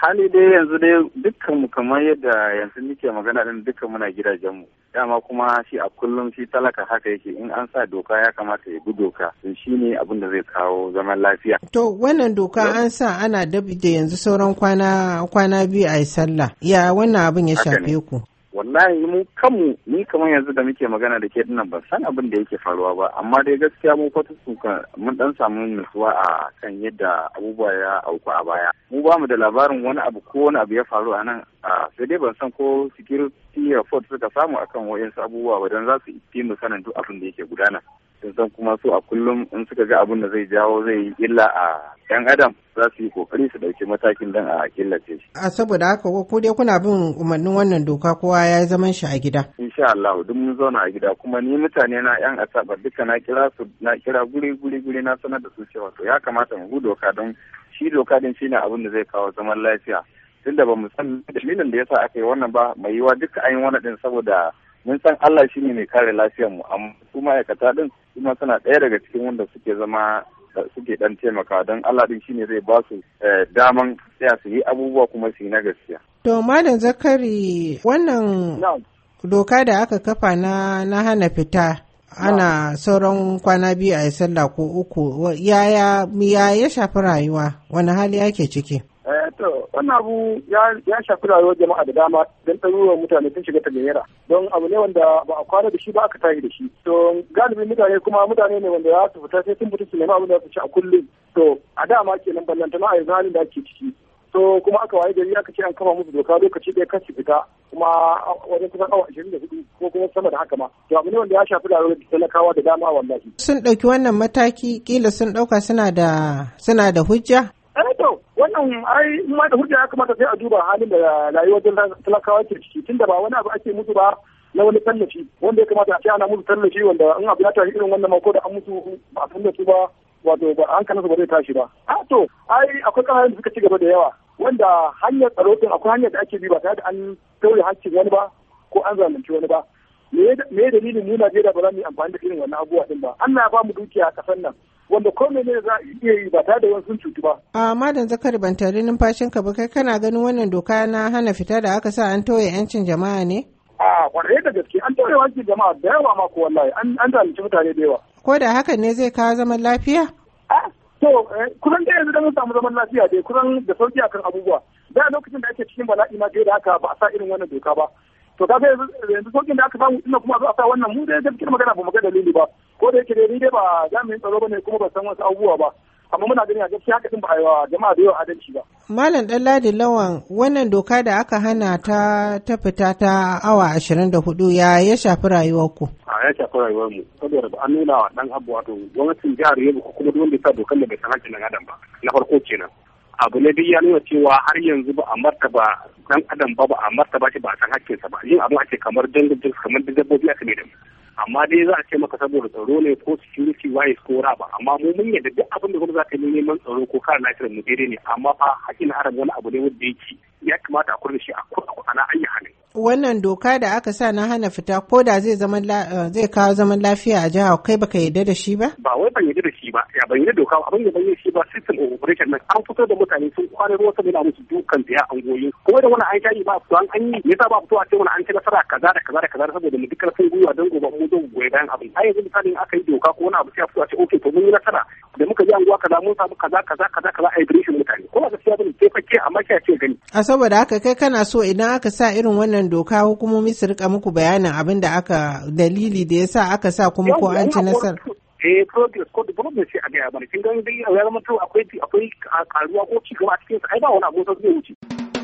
hali dai yanzu dai dukkan mu kamar yadda yanzu nike magana din dukkan muna gidajen mu dama kuma shi a kullum shi talaka haka yake in an sa doka ya kamata ya bi doka to shine abin da zai kawo zaman lafiya to wannan doka an sa ana dabi da yanzu sauran kwana biyu a sallah ya wannan abin ya shafe ku wallahi mu kanmu ni kamar yanzu da muke magana da ke dinnan ban san abin da yake faruwa ba amma dai gaskiya mu kwata suka mun dan samu nutsuwa a kan yadda abubuwa ya auku a baya mu ba mu da labarin wani abu ko wani abu ya faru a nan sai dai ban san ko security report suka samu akan wayansu abubuwa ba don za su fi mu sanin duk abin da yake gudana sun san kuma su a kullum in suka ga abin da zai jawo zai yi illa a yan adam za su yi kokari su dauki matakin dan a killace shi. A saboda haka ko dai kuna bin umarnin wannan doka kowa ya zaman shi a gida. Insha Allah duk mun zauna a gida kuma ni mutane na yan asaba duka na kira su na kira guri guri guri na sanar da su cewa to ya kamata mu bu doka don shi doka din shine abin da zai kawo zaman lafiya. Tunda ba mu san dalilin da yasa aka yi wannan ba mai yiwa duka an yi wannan din saboda mun san Allah shine mai kare lafiyar mu amma ma'aikata din kuma tana ɗaya daga cikin wanda suke zama suke ɗan taimaka don Allah din shine zai ba su eh, daman tsaya su yi abubuwa kuma su yi na gaskiya. To Malam Zakari wannan doka da aka kafa na na hana fita ana sauran kwana biyu a sallah ko uku yaya ya shafi rayuwa wani hali ake ciki? To, wannan abu ya shafi rayuwar jama'a da dama don ɗaruruwan mutane sun shiga tagayyara. Don abu ne wanda ba a kwana da shi ba aka tashi da shi. To, galibin mutane kuma mutane ne wanda ya su fita sai sun fita su nemi abin da su ci a kullum. To, a dama kenan ballantana a yanzu halin da ake ciki. To, kuma aka waye gari aka ce an kama musu doka lokaci ɗaya kan su fita. Kuma wajen kusan awa ashirin da hudu ko kuma sama da haka ma. To, abu ne wanda ya shafi rayuwar talakawa da dama wallahi. Sun ɗauki wannan mataki kila sun ɗauka suna da suna da hujja? wannan ai ma da hujja ya kamata sai a duba halin da rayuwar talakawa ke ciki da ba wani abu ake musu ba na wani tallafi wanda ya kamata a ce ana musu tallafi wanda in abu ya tafi irin wannan mako da an musu ba a tallafi ba wato ba hankalinsu ba zai tashi ba. A to ai akwai kamar da suka ci gaba da yawa wanda hanyar tsaro akwai hanyar da ake bi ba tare da an tauye hakkin wani ba ko an zalunci wani ba. me ya dalilin mu Najeriya ba za mu yi amfani da irin wannan abubuwa din ba Allah ya ba mu dukiya a kasan nan wanda ko ne za a iya yi ba tare da wani sun cutu ba a madan zakari ban tare numfashin ka ba kai kana ganin wannan doka na hana fita da aka sa an toye yancin jama'a ne a kwarai da gaske an toye yancin jama'a da yawa ma ko wallahi an zalunci mutane da yawa ko da hakan ne zai kawo zaman lafiya to eh, kusan da yanzu da mun samu zaman lafiya dai kusan da sauki akan abubuwa da lokacin da ake cikin bala'i ma da haka ba a sa irin wannan doka ba to ka ga yanzu sokin da aka samu ina kuma zo a sa wannan mu dai magana ba mu ga dalili ba ko da yake dai ni dai ba jami'in tsaro bane kuma ba san wasu abubuwa ba amma muna gani a gaskiya haka din ba a jama'a da yawa adalci ba malam ladi lawan wannan doka da aka hana ta ta fita ta awa ashirin da hudu ya ya shafi rayuwar ku a ya shafi rayuwar mu saboda ba an nuna wa dan abu wato gwamnatin jihar yau ko kuma duk wanda ya sa dokar da bai san hakkin adam ba na farko kenan abu ne duk ya nuna cewa har yanzu ba a martaba dan adam ba ba a martaba shi ba a san sa ba yin abu ake kamar dangin kamar dabbobi aka da amma dai za a ce maka saboda tsaro ne ko security wise ko ba amma mu mun yadda duk abin da kuma za ka yi neman tsaro ko kare lafiyar mu daidai ne amma fa hakkin haram wani abu ne wanda yake ya kamata a kurda shi a kurkuku ana ayyana wannan doka da aka sa na hana fita ko da zai zama eh, zai kawo zaman lafiya a jihar kai baka yarda da shi ba ba wai ban yarda da shi ba ya ban yarda doka abin da ban yarda shi ba system of operation nan an fito da mutane sun kwana ruwa saboda musu dukan biya an goyi kuma da wani an shayi ba su an an yi me yasa ba fito a cewa wani an ci nasara kaza da kaza da kaza saboda mu dukkan sun gwiwa don gobe mu zo goyi bayan abin ai yanzu misalin aka yi doka ko wani abu sai a fito a ce okay to mun yi nasara da muka ji anguwa kaza mun samu kaza kaza kaza kaza a adireshin mutane ko ba gaskiya bane sai fakke amma sai a ce gani a saboda haka kai kana so idan aka sa irin wannan doka hukumomi su rika muku bayanin abin da aka dalili da yasa aka sa kuma ko an ci nasara eh progress ko development sai a ga bari kin ga ya zama to akwai akwai karuwa ko ci gaba a cikin sa ai ba wani abu sai ya wuce